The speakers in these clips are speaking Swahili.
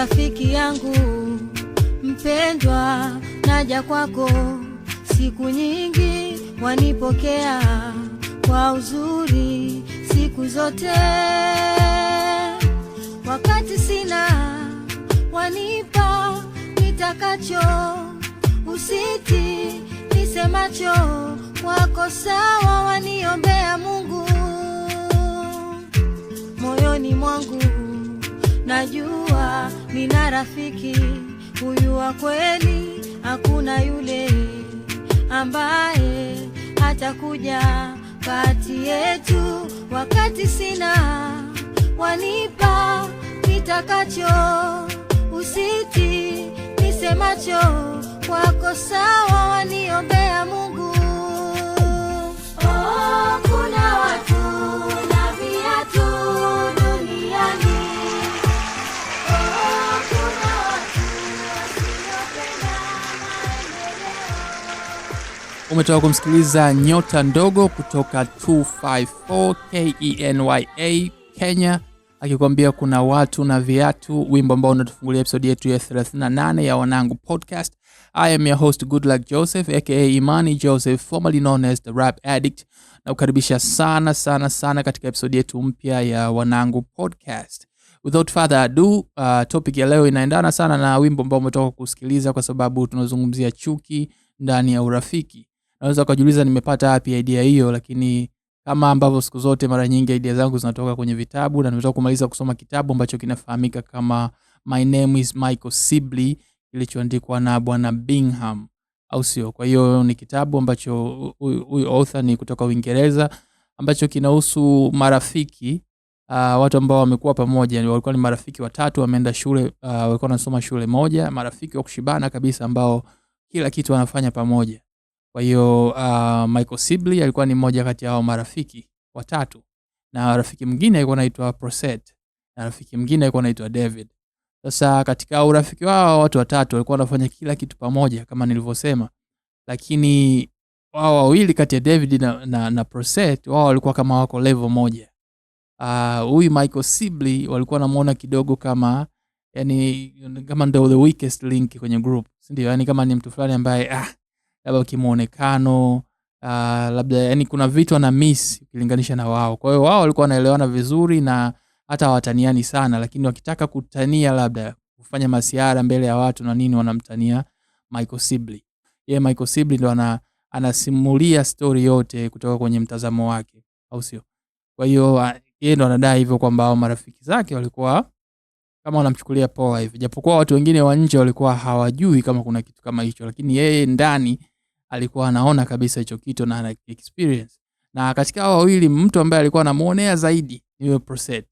rafiki yangu mpendwa, naja kwako siku nyingi, wanipokea kwa uzuri siku zote. Wakati sina wanipa nitakacho, usiti nisemacho wako sawa, waniombea Mungu moyoni mwangu najua nina rafiki huyu wa kweli, hakuna yule ambaye atakuja kati yetu. Wakati sina wanipa nitakacho, usiti nisemacho kwako sawa, waniombea Mungu. Oh, kuna watu Umetoka kumsikiliza nyota ndogo kutoka 254 Kenya Kenya akikwambia kuna watu na viatu, wimbo ambao unatufungulia episodi yetu ya 38 ya Wanangu Podcast. I am your host Good Luck Joseph aka Imani Joseph formerly known as the Rap Addict, na kukaribisha sana sana sana katika episodi yetu mpya ya Wanangu Podcast. Without further ado, uh, topic ya leo inaendana sana na wimbo ambao umetoka kusikiliza, kwa sababu tunazungumzia chuki ndani ya urafiki. Unaweza ukajiuliza nimepata wapi idea hiyo, lakini kama ambavyo siku zote mara nyingi idea zangu zinatoka kwenye vitabu, na nimetoka kumaliza kusoma kitabu ambacho kinafahamika kama My Name is Michael Sibley kilichoandikwa na bwana Bingham, au sio? Kwa hiyo ni kitabu ambacho huyu author ni kutoka Uingereza ambacho kinahusu marafiki uh, watu ambao wamekuwa pamoja, walikuwa ni marafiki watatu, wameenda shule uh, walikuwa wanasoma shule moja, marafiki wa kushibana kabisa ambao kila kitu wanafanya pamoja kwa hiyo uh, Michael Sibley alikuwa ni mmoja kati ya hao marafiki watatu, na rafiki mwingine alikuwa anaitwa Proset na rafiki mwingine alikuwa anaitwa David. Sasa katika urafiki wao watu watatu walikuwa wanafanya kila kitu pamoja kama nilivyosema, lakini wao wawili kati ya David na, na, na Proset wao walikuwa kama wako level moja. Ah, huyu uh, Michael Sibley walikuwa namuona kidogo kama yani, kama ndo the weakest link kwenye group, si ndio? Yani kama ni mtu fulani ambaye ah, labda kimuonekano uh, ah, labda yani kuna vitu ana miss ukilinganisha na wao. Kwa hiyo wao walikuwa wanaelewana vizuri na hata hawataniani sana, lakini wakitaka kutania labda kufanya masiara mbele ya watu na nini, wanamtania Michael Sibley. Yeye Michael Sibley ndo ana anasimulia stori yote kutoka kwenye mtazamo wake, au sio? Kwa hiyo ah, yeye ndo anadai hivyo kwamba hao marafiki zake walikuwa kama wanamchukulia poa hivi, japokuwa watu wengine wa nje walikuwa hawajui kama kuna kitu kama hicho, lakini yeye ndani alikuwa anaona kabisa hicho kitu na ana experience. Na katika hao wawili mtu ambaye alikuwa anamuonea zaidi ni yule Wepriset,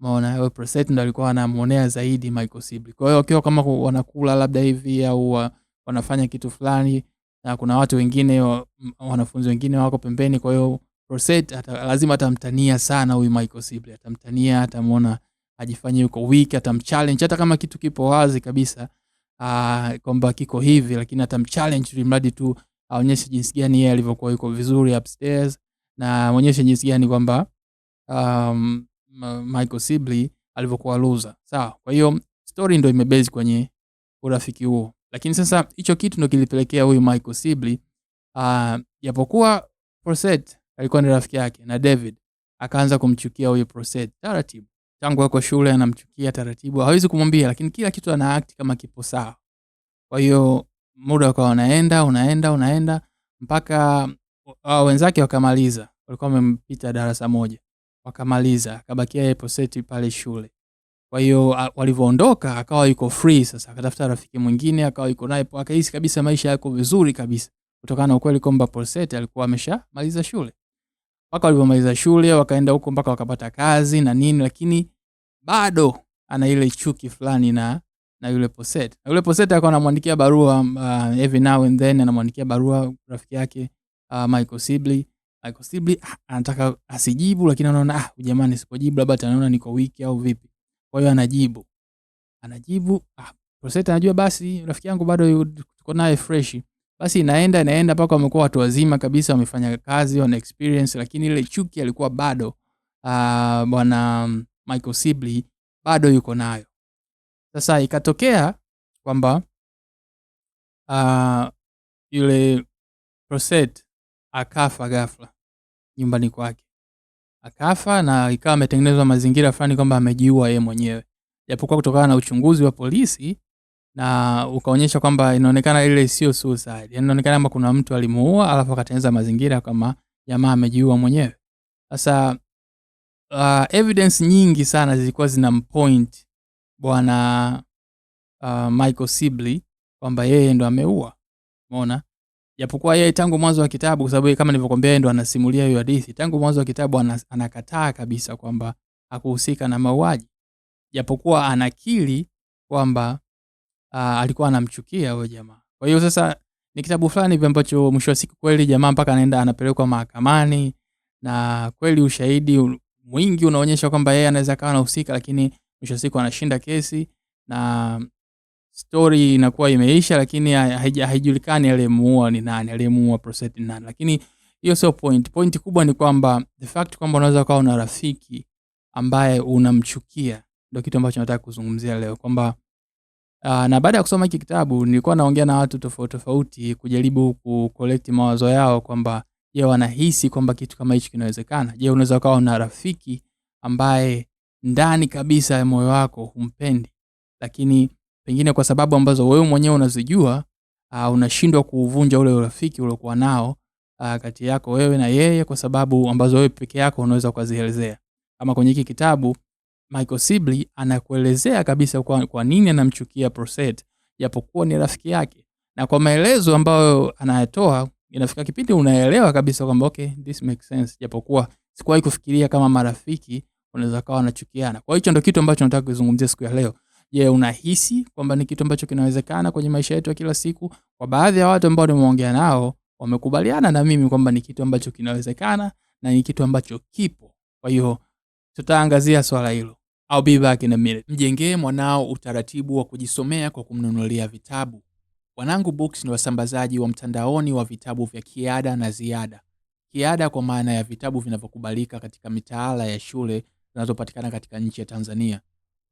maana Proset ndo alikuwa anamuonea zaidi Michael Sibley. Kwa hiyo wakiwa kama wanakula labda hivi au wanafanya kitu fulani na kuna watu wengine wanafunzi wengine wako pembeni, kwa hiyo Proset lazima atamtania sana huyu Michael Sibley, atamtania atamuona ajifanyie yuko weak, atamchallenge hata kama kitu kipo wazi kabisa uh, kwamba kiko hivi, lakini atamchallenge ili mradi tu aonyeshe jinsi gani yeye alivyokuwa yuko vizuri upstairs na aonyeshe jinsi gani kwamba um, Michael Sibley alivyokuwa loser. Sawa. Kwa hiyo story ndio imebase kwenye urafiki huo, lakini sasa hicho kitu ndio kilipelekea huyu Michael Sibley ah, japokuwa uh, Prosette alikuwa ni rafiki yake na David akaanza kumchukia huyu Prosette taratibu, tangu yuko shule anamchukia taratibu, hawezi kumwambia, lakini kila kitu ana act kama kipo sawa. Kwa hiyo muda ukawa unaenda unaenda unaenda mpaka uh, wenzake wakamaliza, walikuwa wamempita darasa moja, wakamaliza, akabakia yeye poseti pale shule. Kwa hiyo uh, walivyoondoka akawa yuko free sasa, akatafuta rafiki mwingine akawa yuko naye, akahisi kabisa maisha yako vizuri kabisa, kutokana na ukweli kwamba poseti alikuwa ameshamaliza shule mpaka walivyomaliza shule wakaenda huko mpaka wakapata kazi na nini, lakini bado ana ile chuki fulani na na yule poset Na yule poset alikuwa anamwandikia barua uh, every now and then anamwandikia barua rafiki yake uh, Michael Sibley. Michael Sibley ah, anataka asijibu, lakini anaona ah, jamani, sipojibu labda ataniona niko wiki au vipi. Kwa hiyo anajibu anajibu ah, poset anajua basi rafiki yangu bado tuko naye fresh, basi inaenda inaenda mpaka wamekuwa watu wazima kabisa, wamefanya kazi, wana experience, lakini ile chuki alikuwa bado uh, bwana Michael Sibley bado yuko nayo. Sasa ikatokea kwamba uh, yule proset akafa ghafla nyumbani kwake, akafa na ikawa ametengenezwa mazingira fulani kwamba amejiua yeye mwenyewe, japokuwa kutokana na uchunguzi wa polisi na ukaonyesha kwamba inaonekana ile sio suicide, yani inaonekana kwamba kuna mtu alimuua, alafu akatengeneza mazingira kama jamaa amejiua mwenyewe. Sasa uh, evidence nyingi sana zilikuwa zina zinampoint bwana uh, Michael Sibley kwamba yeye ndo ameua, umeona japokuwa yeye tangu mwanzo wa kitabu, kwa sababu kama nilivyokuambia, yeye ndo anasimulia hiyo hadithi tangu mwanzo wa kitabu. Anakataa kabisa kwamba hakuhusika na mauaji, japokuwa anakili kwamba uh, alikuwa anamchukia huyo jamaa. Kwa hiyo sasa ni kitabu fulani hivi ambacho mwisho wa siku kweli jamaa mpaka anaenda anapelekwa mahakamani na kweli ushahidi mwingi unaonyesha kwamba yeye anaweza kawa anahusika, lakini mwisho wa siku anashinda kesi na story inakuwa imeisha, lakini haijulikani aliyemuua ni nani, aliyemuua Prostate ni nani. Lakini hiyo sio point. Point kubwa ni kwamba the fact kwamba unaweza ukawa una rafiki ambaye unamchukia, ndio kitu ambacho nataka kuzungumzia leo kwamba Uh, na baada ya kusoma hiki kitabu nilikuwa naongea na watu tofauti tofauti kujaribu kukolekti mawazo yao kwamba je, wanahisi kwamba kitu kama hichi kinawezekana? Je, unaweza ukawa una rafiki ambaye ndani kabisa ya moyo wako humpendi, lakini pengine kwa sababu ambazo wewe mwenyewe unazijua uh, unashindwa kuuvunja ule urafiki uliokuwa nao uh, kati yako wewe na yeye, kwa sababu ambazo wewe peke yako unaweza ukazielezea. Kama kwenye hiki kitabu Michael Sibley anakuelezea kabisa kwa, kwa nini anamchukia proset japokuwa ni rafiki yake, na kwa maelezo ambayo anayatoa inafika kipindi unaelewa kabisa kwamba okay, this makes sense, japokuwa sikuwahi kufikiria kama marafiki unaweza kawa wanachukiana. Kwa hicho ndio kitu ambacho nataka kuzungumzia siku ya leo. Je, unahisi kwamba ni kitu ambacho kinawezekana kwenye maisha yetu ya kila siku? Kwa baadhi ya watu ambao nimeongea nao wamekubaliana na mimi kwamba ni kitu ambacho kinawezekana na ni kitu ambacho kipo. Kwa hiyo tutaangazia swala hilo. I'll be back in a minute. Mjengee mwanao utaratibu wa kujisomea kwa kumnunulia vitabu. Wanangu Books ni wasambazaji wa mtandaoni wa vitabu vya kiada na ziada. Kiada kwa maana ya vitabu vinavyokubalika katika mitaala ya shule zinazopatikana katika nchi ya Tanzania.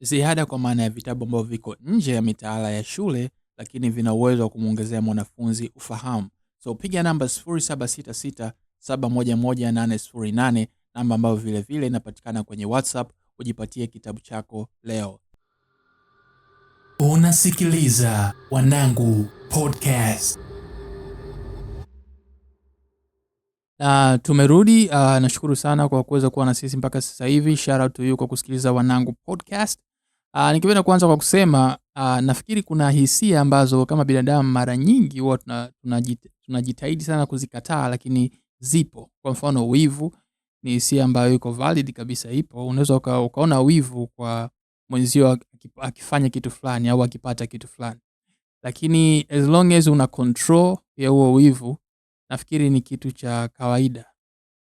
Ziada kwa maana ya vitabu ambavyo viko nje ya mitaala ya shule lakini vina uwezo wa kumwongezea mwanafunzi ufahamu. So piga namba 0766711808 namba ambayo vile vile inapatikana kwenye WhatsApp ujipatie kitabu chako leo. Unasikiliza Wanangu Podcast na tumerudi. Uh, nashukuru sana kwa kuweza kuwa na sisi mpaka sasa hivi. Shout out to you kwa kusikiliza Wanangu Podcast. Uh, ah, nikipenda kuanza kwa kusema uh, nafikiri kuna hisia ambazo kama binadamu mara nyingi huwa tunajitahidi tuna, tuna sana kuzikataa, lakini zipo. Kwa mfano wivu ni hisia ambayo iko valid kabisa, ipo. Unaweza uka, ukaona wivu kwa mwenzio akifanya kitu fulani au akipata kitu fulani, lakini as long as una control ya huo wivu, nafikiri ni kitu cha kawaida.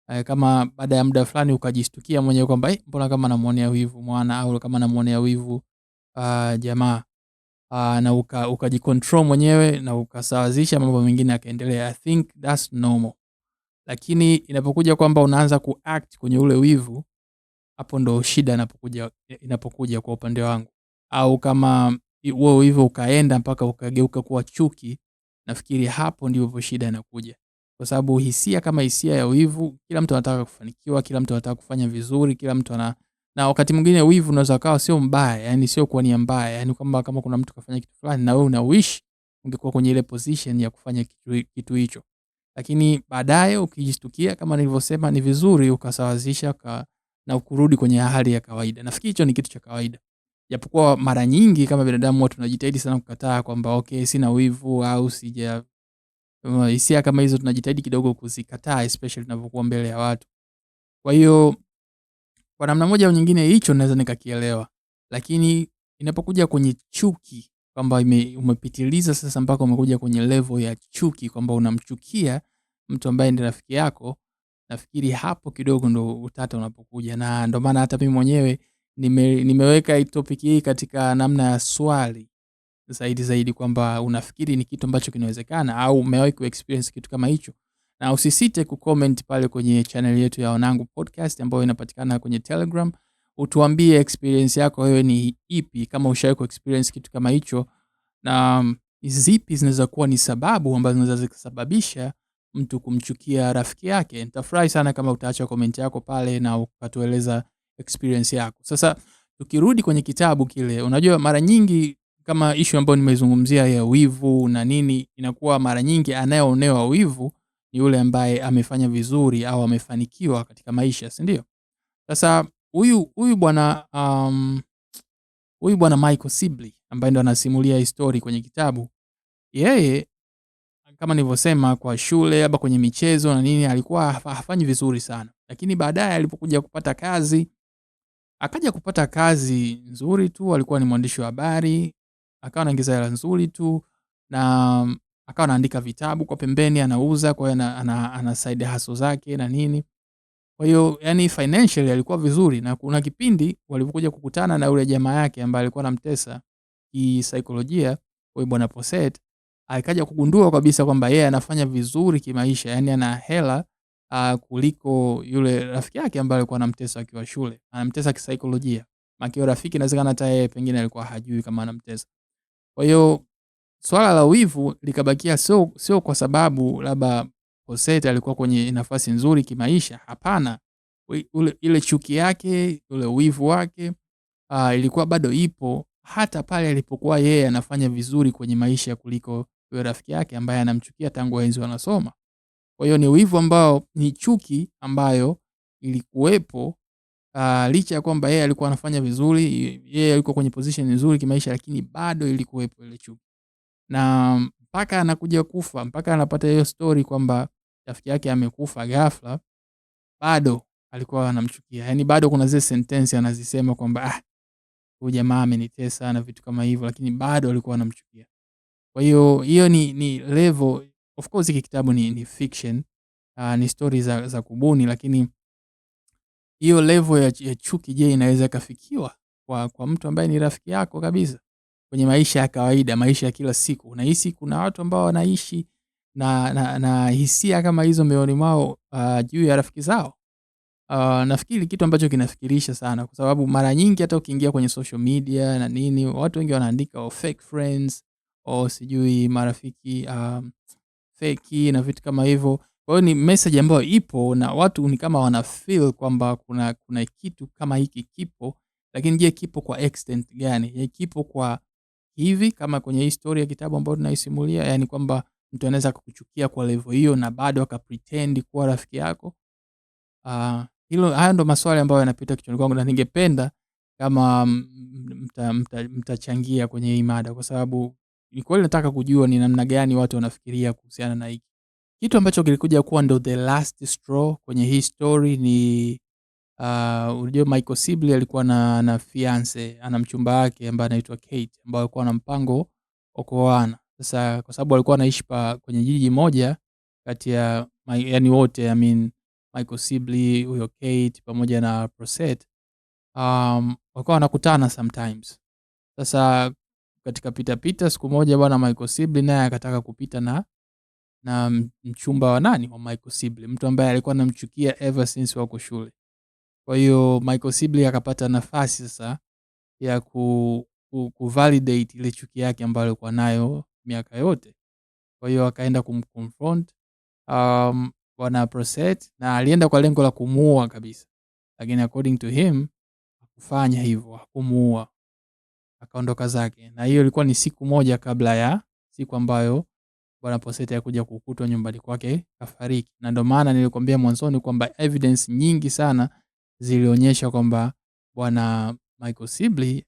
e, Kama baada ya muda fulani ukajistukia mwenyewe kwamba eh, mbona kama namuonea wivu mwana au kama namuonea wivu uh, jamaa uh, na ukajicontrol uka mwenyewe na ukasawazisha mambo mengine yakaendelea. I think that's normal lakini inapokuja kwamba unaanza kuact kwenye ule wivu, hapo ndo shida inapokuja, inapokuja kwa upande wangu. Au kama wewe wivu ukaenda mpaka ukageuka kuwa chuki, nafikiri hapo ndipo shida inakuja, kwa sababu hisia kama hisia ya wivu, kila mtu anataka kufanikiwa, kila mtu anataka kufanya vizuri, kila mtu ana na wakati mwingine wivu unaweza kawa sio mbaya, yani sio kwa nia mbaya, yani kwamba kama kuna mtu kafanya kitu fulani na wewe una wish ungekuwa kwenye ile position ya kufanya kitu hicho lakini baadaye ukijistukia, kama nilivyosema, ni vizuri ukasawazisha ka, na ukurudi kwenye hali ya kawaida. Nafikiri hicho ni kitu cha kawaida, japokuwa mara nyingi kama binadamu huwa tunajitahidi sana kukataa kwamba okay, sina wivu au sija uh, hisia kama hizo, tunajitahidi kidogo kuzikataa, especially tunapokuwa mbele ya watu. Kwa hiyo kwa namna moja au nyingine hicho naweza nikakielewa, lakini inapokuja kwenye chuki kwamba umepitiliza sasa mpaka umekuja kwenye levo ya chuki kwamba unamchukia mtu ambaye ni rafiki yako. Nafikiri hapo kidogo ndo utata unapokuja, na ndo maana hata mimi mwenyewe nime, nimeweka topic hii katika namna ya swali zaidi zaidi, kwamba unafikiri ni kitu ambacho kinawezekana au umewahi kuexperience kitu kama hicho, na usisite kucomment pale kwenye channel yetu ya Wanangu Podcast ambayo inapatikana kwenye Telegram utuambie experience yako wewe ni ipi kama ushawahi ku experience kitu kama hicho na um, zipi zinaweza kuwa ni sababu ambazo zinaweza zikasababisha mtu kumchukia rafiki yake nitafurahi sana kama utaacha komenti yako pale na ukatueleza experience yako sasa tukirudi kwenye kitabu kile unajua mara nyingi kama ishu ambayo nimeizungumzia ya wivu na nini inakuwa mara nyingi anayeonewa wivu ni yule ambaye amefanya vizuri au amefanikiwa katika maisha si ndio sasa huyu huyu bwana um, huyu bwana Michael Sibley ambaye ndo anasimulia histori kwenye kitabu, yeye kama nilivyosema, kwa shule labda kwenye michezo na nini alikuwa hafanyi vizuri sana, lakini baadaye alipokuja kupata kazi akaja kupata kazi nzuri tu, alikuwa ni mwandishi wa habari, akawa anaingiza hela nzuri tu na akawa anaandika vitabu kwa pembeni, anauza. Kwa hiyo ana, ana, ana side zake na nini. Kwa hiyo yani financially alikuwa vizuri, na kuna kipindi walipokuja kukutana na yule jamaa yake ambaye alikuwa anamtesa kisaikolojia, huyu bwana Poset akaja kugundua kabisa kwamba yeye anafanya vizuri kimaisha, yani ana hela uh, kuliko yule rafiki yake ambaye alikuwa anamtesa akiwa shule, anamtesa kisaikolojia. Maana rafiki inawezekana hata yeye pengine alikuwa hajui kama anamtesa. Kwa hiyo swala la wivu likabakia sio sio kwa sababu labda Cosette alikuwa kwenye nafasi nzuri kimaisha? Hapana, Ule, ile chuki yake, ule uivu wake uh, ilikuwa bado ipo hata pale alipokuwa yeye anafanya vizuri kwenye maisha kuliko yule rafiki yake ambaye anamchukia tangu enzi wanasoma. Kwa hiyo ni wivu ambao ni chuki ambayo ilikuwepo uh, licha ya kwamba yeye alikuwa anafanya vizuri, yeye alikuwa kwenye position nzuri kimaisha, lakini bado ilikuwepo ile chuki, na mpaka anakuja kufa, mpaka anapata hiyo story kwamba rafiki yake amekufa ghafla, bado alikuwa anamchukia. Yani bado kuna zile sentensi anazisema kwamba ah, huyu jamaa amenitesa na vitu kama hivyo, lakini bado alikuwa anamchukia. Kwa hiyo hiyo ni, ni level of course, hiki kitabu ni, ni fiction uh, ni stori za, za kubuni, lakini hiyo level ya, ya chuki, je, inaweza ikafikiwa kwa, kwa mtu ambaye ni rafiki yako kabisa kwenye maisha ya kawaida, maisha ya kila siku? Unahisi kuna watu ambao wanaishi na, na, na hisia kama hizo mioyoni mwao uh, juu ya rafiki zao. Uh, nafikiri kitu ambacho kinafikirisha sana, kwa sababu mara nyingi hata ukiingia kwenye social media na nini, watu wengi wanaandika oh, fake friends au oh, sijui marafiki um, feki na vitu kama hivyo. Kwa hiyo ni message ambayo ipo na watu ni kama wana feel kwamba kuna, kuna kitu kama hiki kipo, lakini je, kipo kwa extent gani? Je, kipo kwa hivi kama kwenye hii story ya kitabu ambayo tunaisimulia, yani kwamba mtu anaweza kukuchukia kwa levo hiyo na bado akapretend kuwa rafiki yako. Uh, hilo haya ndo maswali ambayo yanapita kichwani kwangu, na ningependa kama mtachangia mta, mta kwenye hii mada, kwa sababu ni kweli nataka kujua ni namna gani watu wanafikiria kuhusiana na hiki kitu ambacho kilikuja kuwa ndo the last straw kwenye hii story ni uh, unajua Michael Sibley alikuwa na, na fiance ana mchumba wake ambaye anaitwa Kate ambaye alikuwa na mpango wa kuoana sasa kwa sababu walikuwa wanaishi pa kwenye jiji moja kati ya yani wote I mean Michael Sibley, huyo Kate pamoja na proset um, walikuwa wanakutana sometimes. Sasa katika pitapita pita, siku moja bwana Michael Sibley naye akataka kupita na na mchumba wa nani wa Michael Sibley, mtu ambaye alikuwa anamchukia ever since wako shule. Kwa hiyo Michael Sibley akapata nafasi sasa ya ku, ku, ku validate ile chuki yake ambayo alikuwa nayo miaka yote. Kwa hiyo akaenda kumconfront um, bwana Proset, na alienda kwa lengo la kumuua kabisa, lakini according to him hakufanya hivyo, hakumuua, akaondoka zake, na hiyo ilikuwa ni siku moja kabla ya siku ambayo bwana Proset alikuja kukutwa nyumbani kwake kafariki. Na ndio maana nilikwambia mwanzoni kwamba evidence nyingi sana zilionyesha kwamba bwana Michael Sibley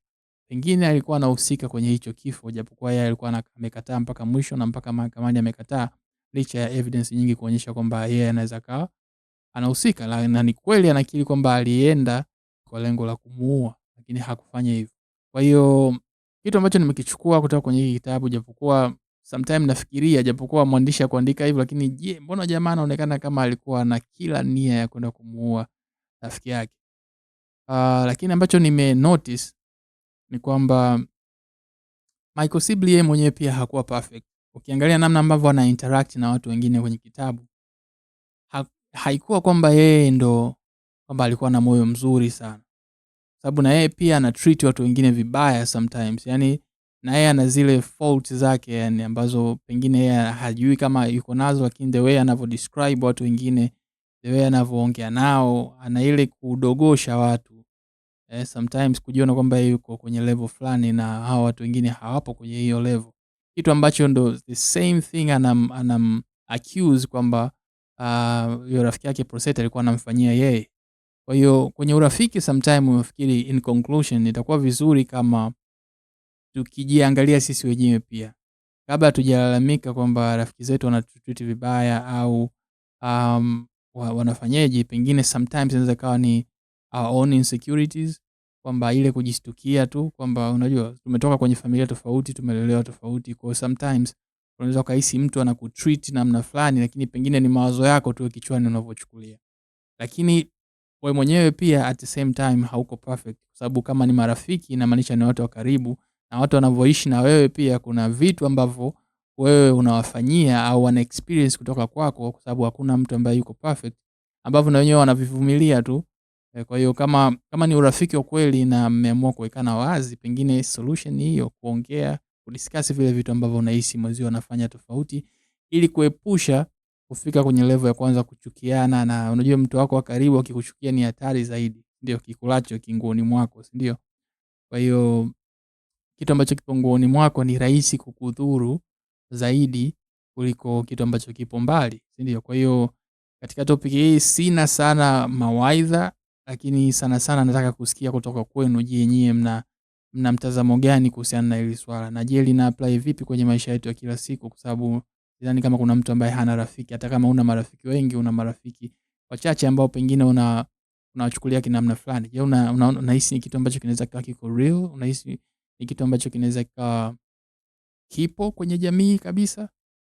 pengine alikuwa anahusika kwenye hicho kifo, japokuwa yeye alikuwa amekataa mpaka mwisho na mpaka mahakamani amekataa, licha ya evidence nyingi kuonyesha kwamba yeye anaweza kawa anahusika, na ni kweli anakiri kwamba alienda kwa lengo la kumuua, lakini hakufanya hivyo. Kwa hiyo kitu ambacho nimekichukua kutoka kwenye hiki kitabu, japokuwa sometime nafikiria, japokuwa mwandishi akuandika hivyo, lakini je, mbona jamaa anaonekana kama alikuwa na kila nia ya kwenda kumuua rafiki yake? Uh, lakini ambacho nime notice ni kwamba Michael Sibley yeye mwenyewe pia hakuwa perfect. Ukiangalia namna ambavyo ana interact na watu wengine kwenye kitabu ha, haikuwa kwamba yeye ndo kwamba alikuwa na moyo mzuri sana, sababu na yeye pia ana treat watu wengine vibaya sometimes, yani na yeye ana zile fault zake yani ambazo pengine yeye hajui kama yuko nazo, lakini the way anavyo describe watu wengine, the way anavyoongea nao, ana ile kudogosha watu eh, sometimes kujiona kwamba yuko kwenye level fulani na hawa watu wengine hawapo kwenye hiyo level, kitu ambacho ndo the same thing anam, anam accuse kwamba hiyo ah, uh, rafiki yake Prostate alikuwa anamfanyia yeye. Kwa hiyo kwenye urafiki sometimes unafikiri, in conclusion, itakuwa vizuri kama tukijiangalia sisi wenyewe pia, kabla hatujalalamika kwamba rafiki zetu wanatutreat vibaya au um, wanafanyaje, Pengine sometimes inaweza kawa ni our own insecurities, kwamba ile kujistukia tu kwamba unajua tumetoka kwenye familia tofauti, tumelelewa tofauti, kwa sometimes unaweza ukahisi mtu anakutreat namna fulani, lakini pengine ni mawazo yako tu kichwani unavyochukulia, lakini wewe mwenyewe pia at the same time hauko perfect, kwa sababu kama ni marafiki, inamaanisha ni watu wa karibu na watu wanavyoishi na wewe, pia kuna vitu ambavyo wewe unawafanyia au wana experience kutoka kwako, kwa sababu hakuna mtu ambaye yuko perfect, ambavyo na wenyewe wanavivumilia tu E, kwa hiyo kama kama ni urafiki wa kweli na mmeamua kuwekana wazi, pengine solution hiyo kuongea, kudiscuss vile vitu ambavyo unahisi mwezio anafanya tofauti, ili kuepusha kufika kwenye level ya kwanza kuchukiana. Na unajua mtu wako wa karibu akikuchukia ni hatari zaidi, ndio kikulacho kinguoni mwako, si ndio? Kwa hiyo kitu ambacho kipo nguoni mwako ni rahisi kukudhuru zaidi kuliko kitu ambacho kipo mbali, si ndio? Kwa hiyo katika topic hii sina sana mawaidha lakini sana sana nataka kusikia kutoka kwenu. Je, nyie mna mna mtazamo gani kuhusiana na hili swala, na je lina apply vipi kwenye maisha yetu ya kila siku? Kwa sababu sidhani kama kuna mtu ambaye hana rafiki. Hata kama una marafiki wengi, una marafiki wachache ambao pengine una unawachukulia kinamna fulani. Je, una, una, unahisi ni kitu ambacho kinaweza kikawa kiko real? Unahisi ni kitu ambacho kinaweza kikawa kipo kwenye jamii kabisa?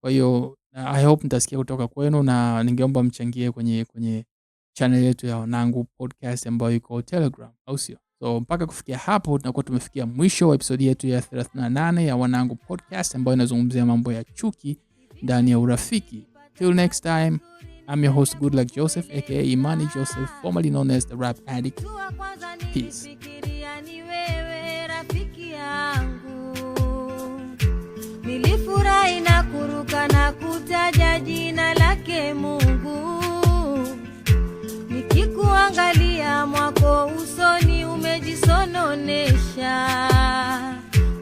Kwa hiyo I hope nitasikia kutoka kwenu, na ningeomba mchangie kwenye kwenye chanel yetu ya Wanangu Podcast ambayo iko Telegram, au sio? So mpaka kufikia hapo tunakuwa tumefikia mwisho wa episodi yetu ya 38 ya Wanangu Podcast ambayo inazungumzia mambo ya chuki ndani ya urafiki. Till next time, I'm your host good luck Joseph aka Imani Joseph formerly known as the Rap Addict. Peace. Nilifurahi na kuruka na kutaja jina lake Mungu Angalia mwako usoni umejisononesha,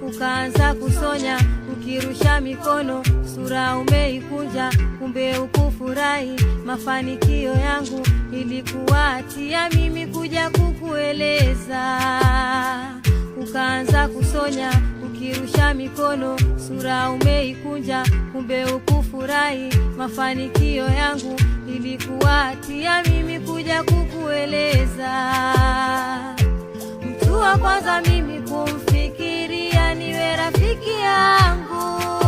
ukaanza kusonya, ukirusha mikono, sura umeikunja, kumbe ukufurahi mafanikio yangu. Ilikuwa tia mimi kuja kukueleza, ukaanza kusonya ukirusha mikono sura umeikunja, kumbe ukufurahi mafanikio yangu. Ilikuwa tia mimi kuja kukueleza, mtu wa kwanza mimi kumfikiria niwe rafiki yangu.